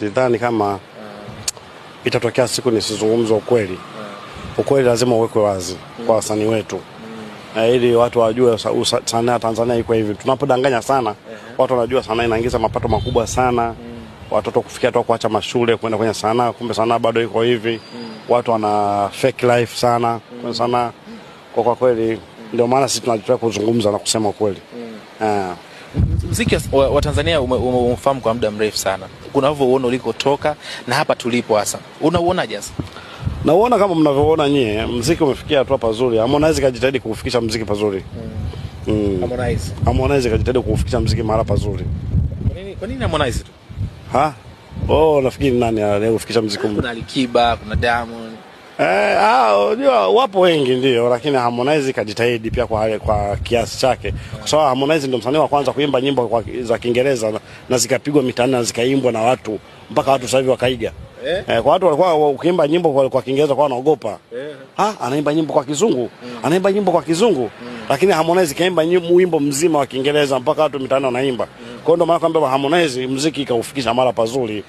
Sidhani kama itatokea siku nisizungumza ukweli. Ukweli lazima uwekwe wazi kwa wasanii wetu na ili watu wajue sanaa ya Tanzania iko hivi. Tunapodanganya sana, watu wanajua sanaa inaingiza mapato makubwa sana, watoto kufikia toa kuacha mashule kwenda kwenye sanaa, kumbe sanaa bado iko hivi. Watu wana fake life sana kwenye sanaa, kwa kweli. Ndio maana sisi tunajitolea kuzungumza na kusema ukweli. Mm. Eh mziki wa, wa Tanzania umeufahamu kwa muda mrefu sana, uone ulikotoka na hapa tulipo hasa unauonaje hasa? Nauona kama mnavyoona nyie, mziki umefikia hatua pazuri. Harmonize kajitahidi kuufikisha mziki pazuri mm. Mm. Harmonize Harmonize kajitahidi kuufikisha mziki mahali pazuri. Kwa nini kwa nini Harmonize tu? Ha? Oh, nafikiri nani anayeufikisha mziki? Kuna Alikiba, kuna Diamond Eh, ah, unajua wapo wengi ndio, lakini Harmonize kajitahidi pia kwa, kwa kiasi chake, kwa sababu Harmonize ndio msanii wa kwanza kuimba nyimbo kwa, za Kiingereza na, zikapigwa mitaani na zikaimbwa na watu mpaka watu sasa hivi wakaiga eh? eh kwa watu walikuwa ukiimba nyimbo kwa, kwa Kiingereza kwa wanaogopa eh. Ah, anaimba nyimbo kwa Kizungu mm. anaimba nyimbo kwa Kizungu mm. lakini Harmonize kaimba nyimbo wimbo mzima wa Kiingereza mpaka watu mitaani wanaimba mm. kwa hiyo ndio maana kwamba Harmonize muziki ikaufikisha mara pazuri.